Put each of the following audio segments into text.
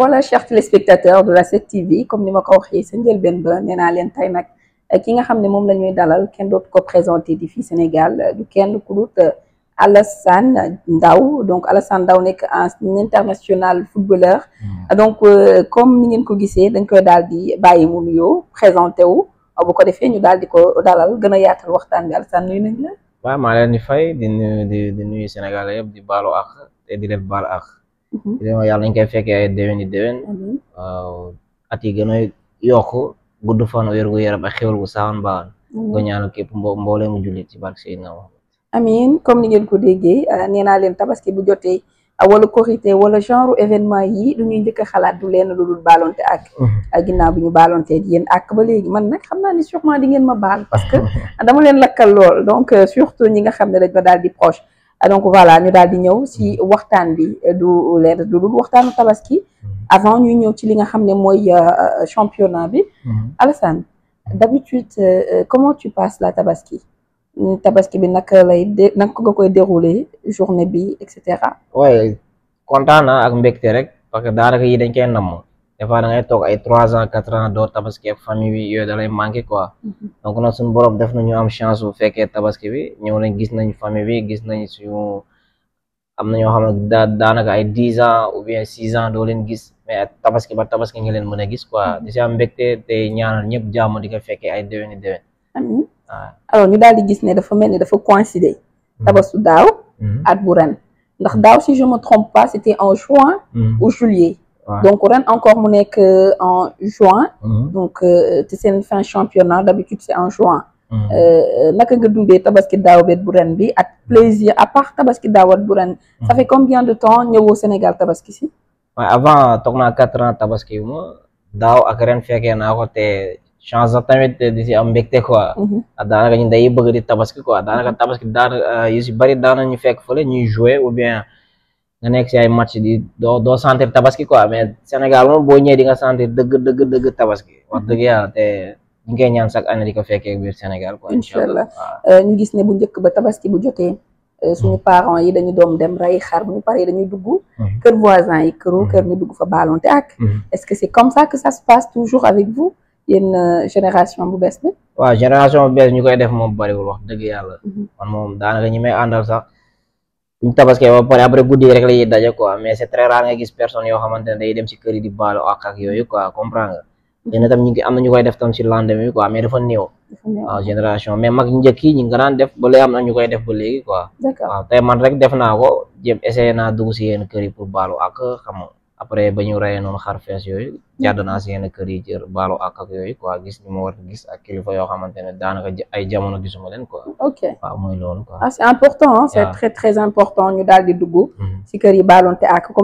voilà chers téléspectateurs de la 7TV comme ni ma ko waxee sa njëlbeen ba nee naa leen tey nag eh, ki nga xam ne moom la dalal kenn dootu ko présenté di fii Sénégal kenn ku dut eh, Alassane Ndao donc Alassane Ndao nekk un international footballeur hmm. donc euh, comme ni ngeen ko gisee dañ koy daal di bàyyi mu nuyoo présenté wu bu ko defee ñu daal di ko dalal gën a yaatal waxtaan bi Alassane nuyu nañ la. waaw maa leen di fay di nuyu sénégal nuyu Sénégalais yëpp di baalu àq te di leen baal ma mm-hmm. yàlla nañ koy fekkee ay déwéni déwén mm-hmm. waaw at yi gën a yokk gudd fan wér gu yaram ak xéwal gu saawan baawan ko mm-hmm. ñaanal képp mbo mboolee mu jullit ci barke Seydina Muhammad amin comme ni ngeen ko déggee euh, nee naa leen tabaski bu jotee euh, wala korité wala genre événement yi lu ñuy njëkk xalaat du leen lu dul baalonte ak ginnaaw bi ñu baalontee yéen ak ba léegi man nag xam naa ni sûrement di ngeen ma baal parce que dama leen lakkal lool donc euh, surtout ñi nga xam ne dañ ma daal di proche Ah, donc voilà ñu daal di ñëw si mm-hmm. waxtaan bi euh, du leer du dul waxtaanu tabaski mm-hmm. avant ñuy ñëw ci li nga xam ne mooy euh, euh, championnat bi mm-hmm. Alassane d'habitude comment tu passes la tabaski tabaski bi naka lay dé naka nga koy dérouler journée bi et cetera waaye kontaan na ak mbégte rek parce que daanaka yi dañ koy namm des fois da ngay toog ay trois ans quatre ans doo tabaski ak famille bi yooyu da lay manqué mhm. donc nag suñu def nañu am chance bu fekkee tabaski bi ñëw nañ gis nañ famille bi suñu am na ñoo xam ne daa daanaka ay dix ans ou bien six ans doo leen gis mais tabaski ba tabaski ngi leen mën a gis quoi mhm. di si am mbégte te ñaanal ñëpp jàmm di ko fekkee ay déwéni déwén amiin alors ñu daal di gis ne dafa mel ni dafa coïncider mhm. tabasu daaw at bu ren ndax daaw si je me trompe c'était en juin ou juillet donc ren encore mu nekk euh, en juin. Mhm. donc euh, ti seen fin championnat d'habitude c'est en juin. Mhm. Euh, naka nga dundee tabaski daaw bet bu ren bi ak plaisir à par tabaski daawat bu ren. ça mhm. fait combien de temps ñëwoo Sénégal tabaski si. waaye avant toog naa quatre ans tabaski wu ma daaw ak ren fekkee naa ko te chance sax tamit di si am mbégte quoi. Ah, daanaka ñu day bëgg di tabaski quoi daanaka tabaski daanaka yu si bari daana ñu fekk fële ñuy jouer ou bien. nga nekk si ay match di doo doo sentir tabaski quoi mais Sénégal moom boo ñëwee di nga sentir dëgg dëgg dëgg tabaski wax dëgg yàlla te ñu ngi koy ñaan chaque fekkee biir Sénégal quoi incha allah euh, ñu gis ne bu njëkk ba tabaski bu jotee euh, suñu parents yi dañu doom dem rey xar bu ñu paree dañuy dugg mhm. kër voisin yi këru mhm. kër ñu dugg fa baalonte ak mhm. est-ce que c'est comme ça que ça se passe toujours avec vous yéen euh, génération bu bes bi waaw génération bu bees ñu koy def moom bariwul wax dëgg yàlla man moom daanaka ñi may àndal sax buñ tabaskee ba pare après guddi rek la ñuy daje quoi mais c'est très nga gis personne yoo xamante ne day dem si kër yi di baalu ak ak yooyu quoi comprendre nga tam ñu ngi koy def tam si lendemain bi quoi mais dafa néew. waaw génération mais mag njëkk yi ñu ngi daan def ba léegi am na ñu koy def ba léegi quoi. waaw ah, tey rek def naa ko jéem ese naa dugg si yenn kër yi pour baalu ah, ak xam après ba ñu rayee noonu xar fees yooyu mm-hmm. jàdd naa si yenn kër yi jër baalu ak ak yooyu quoi gis ñu ma war gis ak kilifa yoo xamante ne daanaka ay jamono gisuma leen quoi ok waaw loolu quoi ah c'est important c'est mm-hmm.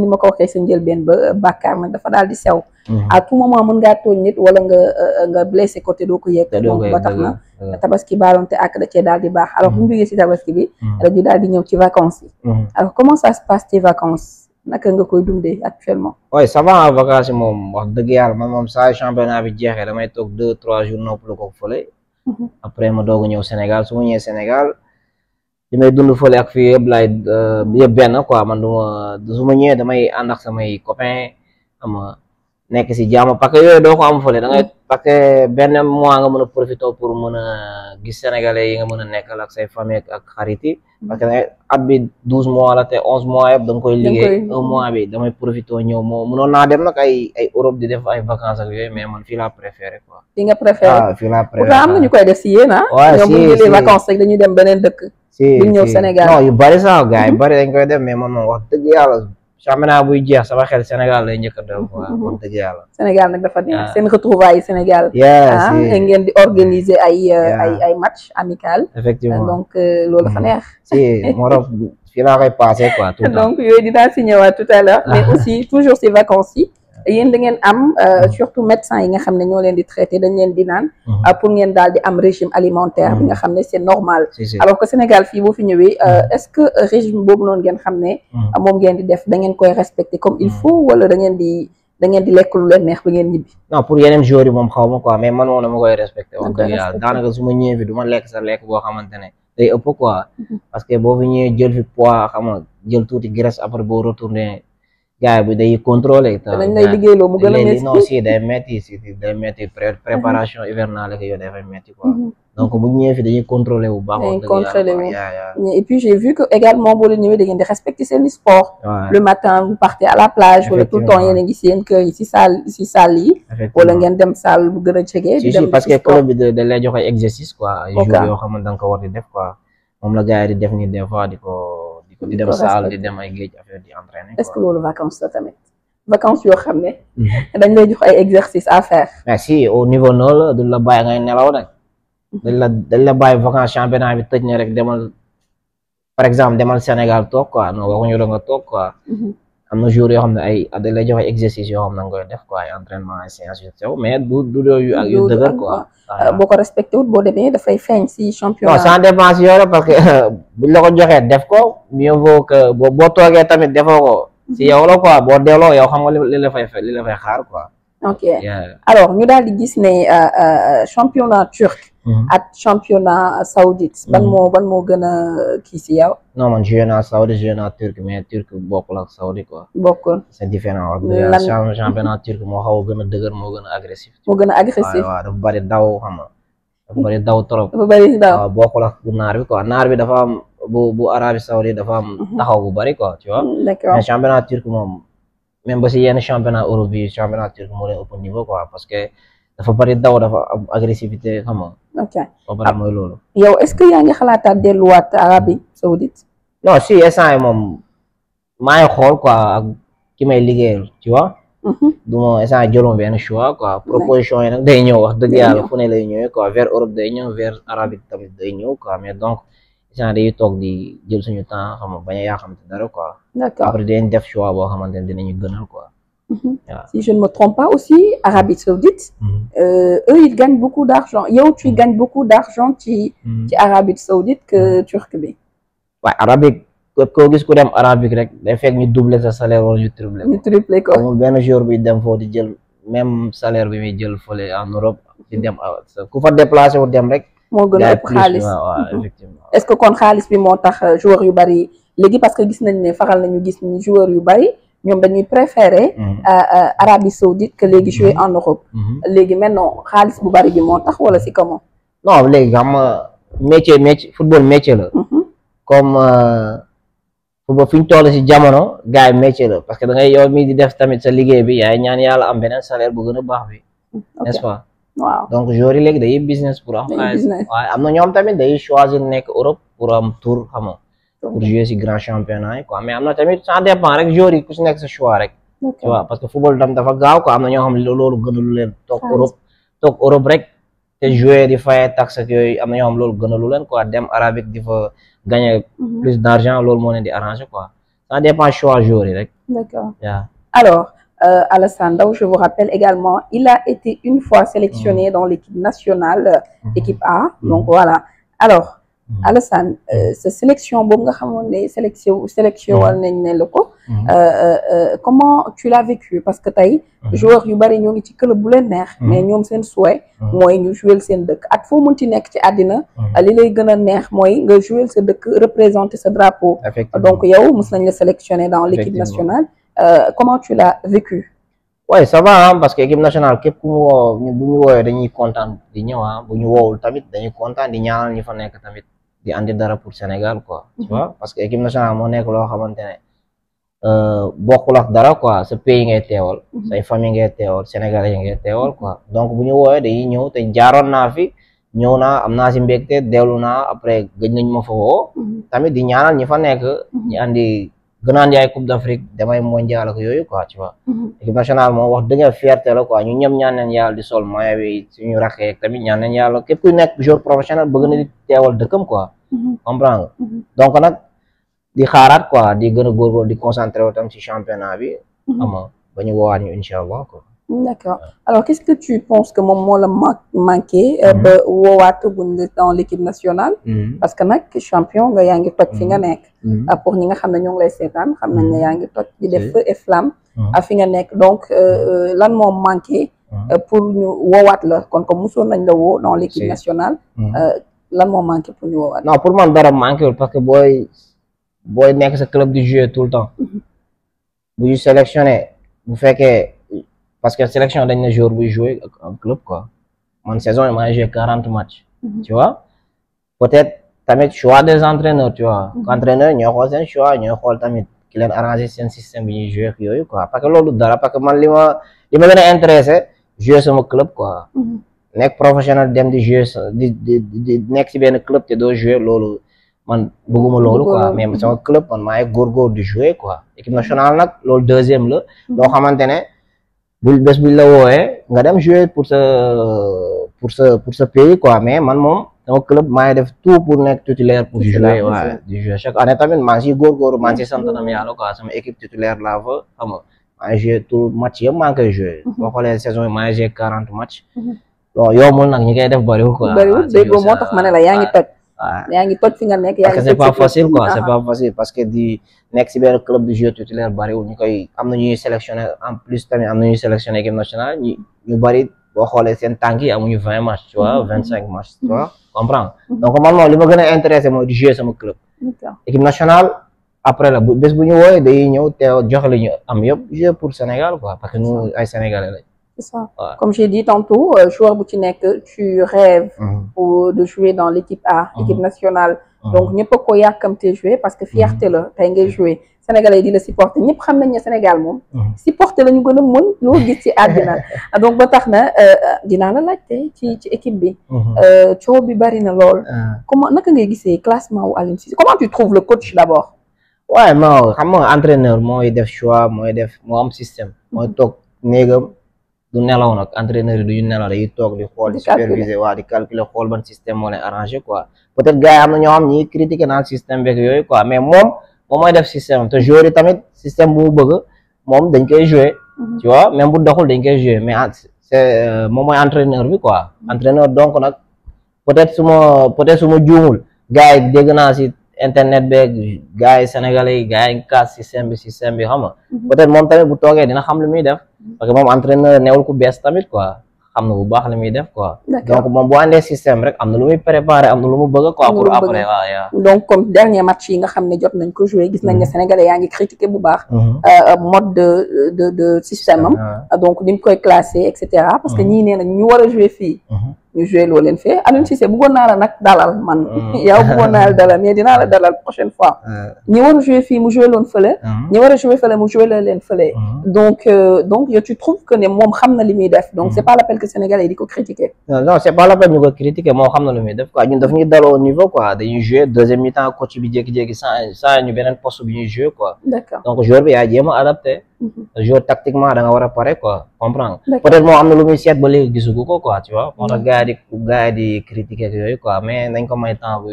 ni ma ko waxee sa njëlbeen ba euh, bàkkaar nag dafa daal di sew mm-hmm. à tout moment mën ngaa tooñ nit wala nga euh, blessé côté doo ko yëg moom ba tax na tabaski baaloonte ak da cee daal di baax alors bu ñu jógee si tabaski bi dañu daal di ñëw ci vacances yi alors naka nga koy dundee actuellement. oui ça va vacances yi moom wax dëgg yàlla man moom saa championnat bi jeexee damay toog deux trois jours la ko fële. Mhm. après ma doog a ñëw Sénégal su ma ñëwee Sénégal. li may dund fële ak fii yëpp laay euh, yëpp benn quoi man du ma su ma ñëwee damay ànd ak samay copains ama nekk si jàmm parce que yooyu doo ko am fële da ngay parce mois nga mën a profité pour gis sénégalais yi nga mën a nekkal ak say famille ak xarit yi parce que douze mois la te onze mois yëpp da nga koy liggéey un mois bi damay profité ñëw moo mënoon naa dem nag ay ay Europe di def ay vacances ak yooyu mais man fii laa ah, am na ñu ah. koy def si yéen ah waaw ñoom bu ñu jëlee vacances rek dañuy dem beneen dëkk si duñ ñëw Sénégal non yu bari sax gars bari dañ koy def mais man moom wax dëgg yàlla championnat buy jeex sama xel Sénégal lay njëkk a daw waaw wax dëgg yàlla Sénégal nag dafa neex ah. seen retrouvailles Sénégal ah ngeen di organiser ay euh, ay ay match amical effectivement donc euh, lo dafa mm-hmm. neex si Morop fii laa koy passé a tout donc yooyu dinaa si ñëwaat tout à l'heure mais aussi toujours ces vacances yéen da ngeen am euh, mm-hmm. surtout médecin yi nga xam ne ñoo leen di traité dañ leen di naan mm-hmm. euh, pour ngeen daal di am régime alimentaire bi nga mm-hmm. xam ne c'est normal alors que Sénégal fii boo fi ñëwee euh, est-ce que régime boobu noonu ngeen xam ne moom ngeen di def da ngeen koy respecté comme il faut wala da ngeen di da ngeen di lekk lu leen neex ba ngeen ñibbi non pour yeneen jours yi moom xaw ma quoi mais man moom dama koy respecté wax dëgg yàlla daanaka su ma ñëwee fi du ma lekk sa lekk boo xamante ne day ëpp quoi parce que boo fi ñëwee jël fi poids xam nga jël tuuti graisse après boo retourné gars bi day contrôler. te dañ lay liggéeyloo mu gën a métti non si day day métti préparation hivernale ak yooyu dafay métti quoi. donc bu ñu ñëwee fii dañuy contrôler wu baax. dañuy contrôler wu j'ai vu que également boo leen ñëwee da ngeen di respecter seen le matin vous à la plage. wala tout le temps yéen a si salle si salle yi. dem salle bu gën a jege. di dem parce que club bi da lay jox exercice quoi. ok jour yoo xam ne da nga la gars yi di def di ko. di dem saal di dem ay géej affaire di entraîner. est-ce que loolu vacances la tamit vacances yoo xam ne. Mhm. dañ lay jox ay exercices à faire. mais si au niveau nool la la bàyyi ngay nelaw nag. Mhm. dañ la dañ la bàyyi vacances championnat bi tëj na rek demal par exemple demal Sénégal toog quoi non waxuñu la toog quoi. Mhm. am na yoo xam ne ay da lay joxe exercice yoo xam ne nga koy def quoi ay entraînement ay séance yu sew mais du yooyu ak ah, boo ko respecté boo demee def ko boo boo toogee tamit defoo ko si mhm. yow la quoi boo delloo yow xam nga li la fay li la fay xaar quoi. ok alors ñu daal di gis euh, euh, championnat turc. Mm-hmm. ak championnat saoudite ban mm-hmm. moo ban moo gën a kii si yow. non man joué naa saoudite joué naa turc mais turc bokkul ak saoudite quoi. bokkul c'est différent lan championnat turc moo xaw gën a dëgër moo gën a agressif. moo gën a agressif waaw waaw dafa bari daw xam nga dafa bari daw trop. dafa naar bi quoi naar bi dafa am bu bu Arabie saoudite dafa am mm-hmm. taxaw bu bari quoi tu vois. d'accord mais championnat turc moom même ba championnat Europe bi championnat turc moo leen ëpp niveau quoi parce dafa bari daw dafa am agressivité xam nga. ok ah. loolu. yow est-ce que yaa ngi xalaataat delluwaat Arabie Saoudite. non si instant moom maa ngi xool quoi ak ki may liggéeyal tu vois. Mhm. du ma instant yi jëloon benn choix quoi proposition yi nag day ñëw wax dëgg yàlla fu ne lay ñëwe quoi vers Europe day ñëw vers Arabie tamit day ñëw quoi mais donc instant dañuy toog di jël suñu temps xam nga bañ a yaa xamante dara quoi. d'accord après dinañ def choix boo xamante ne dinañu gënal quoi. Mhm. Voilà. Si je ne me trompe pas aussi, Arabie Saoudite, mm -hmm. euh, beaucoup d'argent. Yo, tu mhm. gagnes beaucoup d'argent ci mhm. ci Arabie Saoudite que Turquie. waaye arabique koo gis ku dem arabique rek day fekk ñu doubler sa salaire wala ñu tripler ko. ñu tripler ko amul jour bi dem foofu di jël même salaire bi muy jël fële en Europe di dem ku fa déplacé wu dem rek. moo gën a ëpp xaalis effectivement est kon xaalis bi moo tax joueur yu bari léegi parce que gis nañ ne faral nañu gis ni joueur yu bari. ñoom dañuy préférer mhm. euh, euh, Arabie Saoudite que léegi jouer mhm. en Europe mhm. léegi maintenant xaalis bu bari bi moo tax wala si comment non léegi xam nga métier métier football métier la comme euh, football fi si jamono gars yi métier la parce que da ngay mi di def tamit sa liggéey bi yaay ñaan yàlla am beneen salaire bu gën a baax bi n'est-ce pas waaw donc joueurs yi léegi day business pour am waaye am na ñoom tamit day choisir nekk Europe pour am tour xam Gurgis si e grand championnat yi quoi mais am na tamit ça dépend rek ku si nekk sa rek. parce que football tam dafa gaaw quoi am na ñoo xam ne loolu gënalu leen. toog Europe toog Europe rek. te joué di fay taxe ak yooyu am na ñoo xam loolu gënalu leen quoi dem arabique di fa gagner mm-hmm. plus d' loolu moo leen di arranger quoi ça dépend choix joueur rek. d' accord alors. Euh, Alassane Ndao je vous rappelle également il a été une fois sélectionné mm. dans l'équipe nationale mm-hmm. équipe A donc mm-hmm. voilà Mm-hmm. Alassane euh, sa sélection boobu nga xamoon ne sélection sélection wal nañ ne la ko mm-hmm. euh, euh, comment tu la vécu parce que tey mm-hmm. joueur yu bari ñoo ngi ci club bu leen neex mais ñoom seen souhait mooy ñu jouer seen dëkk ak foo mën ci nekk ci àddina li lay gën a neex mooy nga jouer sa dëkk représenter sa drapeau donc yow mës nañ la sélectionner dans l'équipe nationale euh, comment tu l'as vécu waaye ouais, ça parce que équipe nationale képp ku mu woo bu ñu woowee dañuy kontaan di ñëw bu ñu woowul tamit dañuy kontaan di ñaanal ñi fa nekk tamit di andi dara pour Sénégal quoi tu vois parce que équipe nationale moo nekk loo xamante ne bokkul ak dara quoi sa pays ngay teewal say famille ngay teewal Sénégalais yi ngay bu ñu woowee dañuy ñëw te jaaroon naa fi ñëw naa am naa si mbégte dellu naa après gëj nañ ma fa woo mhm. tamit di ñaanal ñi fa mhm. nekk ñi andi gënaan yaay coupe d'Afrique damay mondial yooyu quoi tu vois mhm. équipe nationale moom wax dëgg fierté la quoi ñu ñaan nañ di sol maillot bi suñu rakkee tamit ñaan nañ yàlla képp ku nekk joueur professionnel bëgg na di teewal dëkkam quoi mhm. comprendre nga mhm. donc nag di xaaraat quoi di gën a góorgóorlu di concentré wu tam ci championnat bi ama ba ñu woowaat ñu incha allah D'accord. Alors, qu'est-ce que que moom moo la manqué euh, mhm. ba woowaataguñ la dans l'équipe nationale mhm. parce que nag champion nga yaa ngi toj fi nga mhm. nekk ah, pour ñi nga xam ne ñoo ngi lay seetaan xam nañ ne yaa ngi toj di def feu et a ah, fi nga nekk donc euh, euh, lan moo manqué pour ñu woowaat la kon comme mosoon nañ la woo dans l'équipe nationale lan moom manqué pour ñu woowaat non pour man dara manqué wul parce que booy booy nekk sa club di jouer tout le temps bu ñu sélectionné bu fekkee parce que sélection dañ na joueur buy jouer ak un man saison maa joué quarante matchs mhm. tu peut-être tamit choix des entraîneurs tu vois mhm. entraîneur ñooy xool seen choix ñoo xool tamit ki leen arrangé seen système bi ñuy jouer ak yooyu quoi parce que loolu dara parce que man li ma li ma gën a intéressé jouer sama club quoi mhm. nekk professionnel dem di jouer di di nekk si benn club te doo jouer loolu man bëgguma loolu quoi mais sama club man maa ngi góorgóor di jouer quoi équipe nationale nag loolu deuxième la loo xamante ne bul bés buñ la wooyee nga dem jouer pour sa pays quoi mais man moom sama club maa ngi def tout pour nekk titulaire pour jouer waaw di jouer chaque année tamit maa ngi siy góorgóorlu maa ngi siy sant tamit yàlla quoi laa fa xam nga maa ngi match yëpp maa ngi koy jouer mhm. boo xoolee saison yi maa ngi mhm. nag ñi koy def bariwul quoi bariwul déggoo moo tax ma ne la yaa ngi toj Ah. yaa ngi toj fi nekk yaa ngi c'est pas facile parce que di nekk si benn club de jeu titulaire bariwul ñu koy am na ñuy sélectionné en plus tamit am na ñuy sélectionné équipe nationale bari boo xoolee seen tànk yi amuñu vingt match tu vois mm-hmm. cinq match tu vois mm-hmm. comprendre mm-hmm. donc man moom li ma gën a intéressé mooy di jouer sama club équipe nationale après la bu bés bu ñu wooyee day ñëw teew jox li ñu am yëpp jouer pour Sénégal quoi parce que nous ay Sénégalais lañ c'est ça ouais. comme j'ai dit tantôt euh, joueur bu ci nekk tu rêves pour mhm. de jouer dans l'équipe A mhm. équipe nationale mhm. donc ñëpp a ko yàkkamte jouer parce que fierté la tey ngay jouer sénégalais di la supporter ñëpp xam nañ ne Sénégal moom supporter la ñu gën a mën loo gis ci àddina ah, donc ba tax na euh, euh, dinaa la laajte ci ci équipe bi coow bi bari na lool ah. comment naka ngay gisee classement wu Aliou Cissé comment tu trouves le coach d'abord waaye non xam moo entraîneur mooy def choix mooy def moo am du nelaw nag entraîneur yi duñu nelaw dañuy toog di xool di superviser waa di calculer xool ban système moo leen arrangé quoi peut être gars am na ñoo xam ñi naan système beeg yooyu quoi mais moom moom mooy def système te joueur tamit système bu mu bëgg moom dañ koy jouer mhm. tu vois bu doxul dañ koy jouer mais ah, c'est euh, moom mooy entraîneur bi quoi mhm. entraîneur donc nag peut être su ma peut être su ma juumul gars yi dégg naa si internet beeg gars yi sénégalais yi gars yi kaas système bi système bi xam nga mhm. peut être moom bu toogee dina xam lu muy def parce mm-hmm. que moom entraîneur newul ku bees tamit quoi xam na bu baax li muy def quoi. donc moom boo andee système rek am na lu muy préparé am na lu mu bëgg quoi. pour après waaw donc comme dernier match yi nga xam ne jot nañ ko joué gis nañ ne mm-hmm. sénégalais yaa ngi critiqué bu baax. Mm-hmm. Euh, euh, mode de de de système am. Ah. donc ni koy classé et cetera. parce que ñii nee nañ ñu war a joué ñu joué loo leen fee Aliou Cissé bëggoon naa la nag dalal man. Ah. yow bëggoon naa la dalal mais dinaa la dalal prochaine fois. Ah. ñi war a joué fii mu joué loon fële. Ah. ñi war a joué mu joué leen fële. donc euh, donc yow tu trouves que moom xam na li muy def donc c' est pas l' appel que di ko critiquer. non non c' est pas l' appel ñu ko moo xam na lu muy def quoi ñun daf ñuy daloo au niveau quoi dañuy joué deuxième mi-temps coach bi jékki-jékki sans sans ñu beneen poste bi ñuy donc joueur bi yaa jéem a adapté. Mm-hmm. jour tactiquement da nga war a pare quoi comprendre peut-être am na lu muy seet ba léegi ko quoi tu vois moo tax gars yi di gars yi di may temps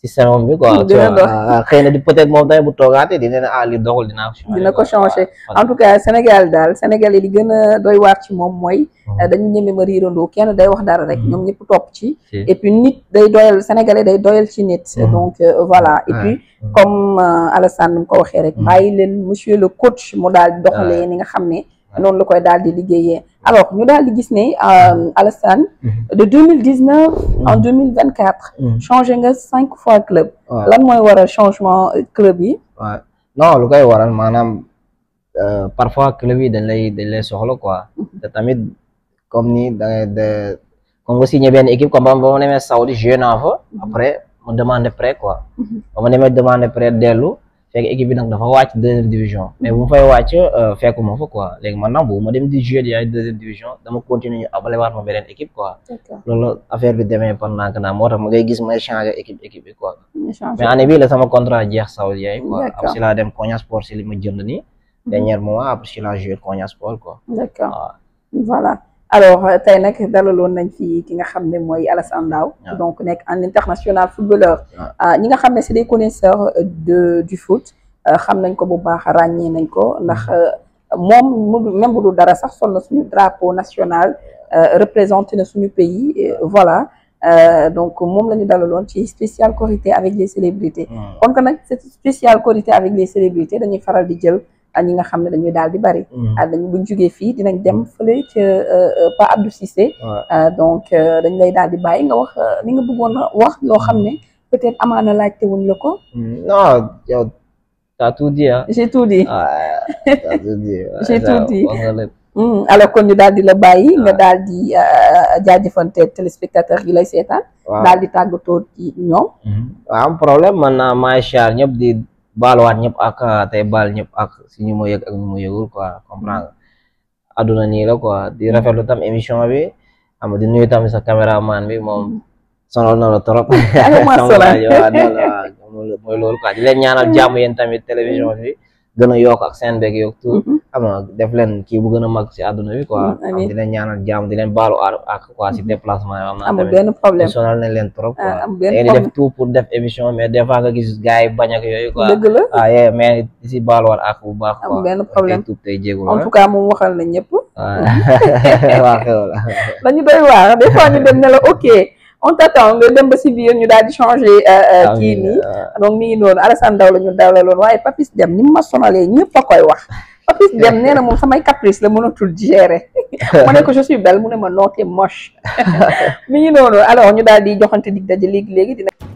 ci am bi quoi. dina dox xëy na di peut être moom tamit bu toogaatee dina ne ah li doxul dina ko. dina ko changé en tout cas Sénégal daal Sénégal yi li gën a doy waar ci moom mooy. dañu ñeme ma riirandoo kenn day wax dara rek. ñoom ñëpp topp ci. et puis nit day doyal sénégalais day doyal ci nit. donc voilà et puis comme Alassane mu ko waxee rek. bàyyi leen monsieur le coach mu daal doxalee ni nga xam ne. noonu la koy daal di liggéeyee alors ñu daal di gis ne euh, Alassane mhm. de deux mhm. mhm. changé nga cinq fois club lan mooy waral changement euh, club yi non lu koy waral maanaam euh, parfois club yi dañ lay soxla quoi tamit comme ni da de comme signé benn équipe comme ba ma demee Saoudi joué naa fa après mu demandé prêt quoi ba ma demee demandé prêt dellu fekk équipe bi nag dafa wàcc deuxième division mais bu ma fay wàcc euh, fekkuma fa quoi léegi maintenant bu ma dem di jouer di ay deuxième division dama continuer ñu abale waat ma beneen équipe quoi loolu affaire bi demee par nànk naa moo tax ma ngay gis may changer équipe équipe bi quoi mais sama contra jeex Saoudi yaay quoi am si dem Konya Sport si li ma jënd nii mhm. dernier moment après si laa jouer Sport quoi d'accord voilà alors euh, tey nag dalaloon nañ fi ki nga xam ne mooy Alassane Ndao ah. donc nekk un international footballeur ah. Ah, ñi nga xam ne c'est des connaisseurs euh, de du foot euh, xam nañ ko bu baax ràññee nañ ko ndax mm. moom mu même dara sax sol na suñu drapeau national représenté na suñu pays voilà donc moom la ñu dalaloon ci spécial Korité avec les célébrités mm. kon que nag cette spécial Korité avec les célébrités dañuy faral di jël ak ñi nga xam ne dañuy daal di bari. Mm. Ah, dañ buñ jógee fii dinañ dem fële ca euh, euh, Pa Abdou Cissé. Ah, donc euh, dañ lay daal di bàyyi nga wax li nga bëggoon wax loo xam ne mm. peut-être amaana laajte wuñ la ko. Mm. non yow t'as tout dit ñu daal di la bàyyi nga daal di jaajëfante téléspectateur yi lay seetaan. daal di tàggatoo ci ñoom. waaw mm-hmm. problème man naa maay char ñëpp di. baaluwaat ñëpp ak tey baal ñëpp ak si ñu mu ak ñu mu yëgul quoi comprendre aduna nii la quoi di hmm. rafetlu tam émission bi am di nuyu tam sa caméraman bi moom hmm. sonal na la trop mooy loolu quoi di leen ñaanal jàmm yéen tamit télévision bi gën a yokk ak seen beeg yokk tout mm-hmm. xam def leen kii bu gën a mag si àdduna bi quoi mm-hmm. am di leen ñaanal jàmm di leen baalu aar ak quoi si mm-hmm. déplacement yi am naa tamit sonal nañ leen trop ah, quoi da ngeen di def tout pour def émission mais des fois nga gis gars yi bañ ak yooyu quoi dëgg la ah mais si baaluwaat ak bu baax quoi am benn problème tuub tey jéegul en ah. tout cas moom waxal na ñëpp ah. waaw xew la dañu doy waar ne la ok on t'attend nga dem ba si biir ñu daal di changé euh, euh, ah kii nii euh. donc mi ngi noonu Alassane Daw la ñu daw la loon waaye Papis Dem ni mu ma sonalee ñëpp a koy wax Papis Dem nee na moom samay caprice la mënatul gérer ma ne ko je suis mu ne ma noote moche mi ngi noonu alors ñu daal di joxante dig daje léegi léegi dina